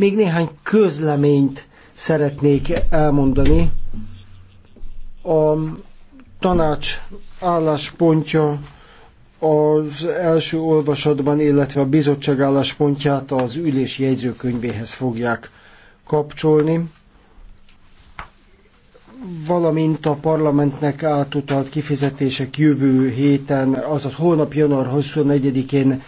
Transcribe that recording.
Még néhány közleményt szeretnék elmondani. A tanács álláspontja az első olvasatban, illetve a bizottság álláspontját az ülés jegyzőkönyvéhez fogják kapcsolni, valamint a parlamentnek átutalt kifizetések jövő héten, azaz holnap január 24-én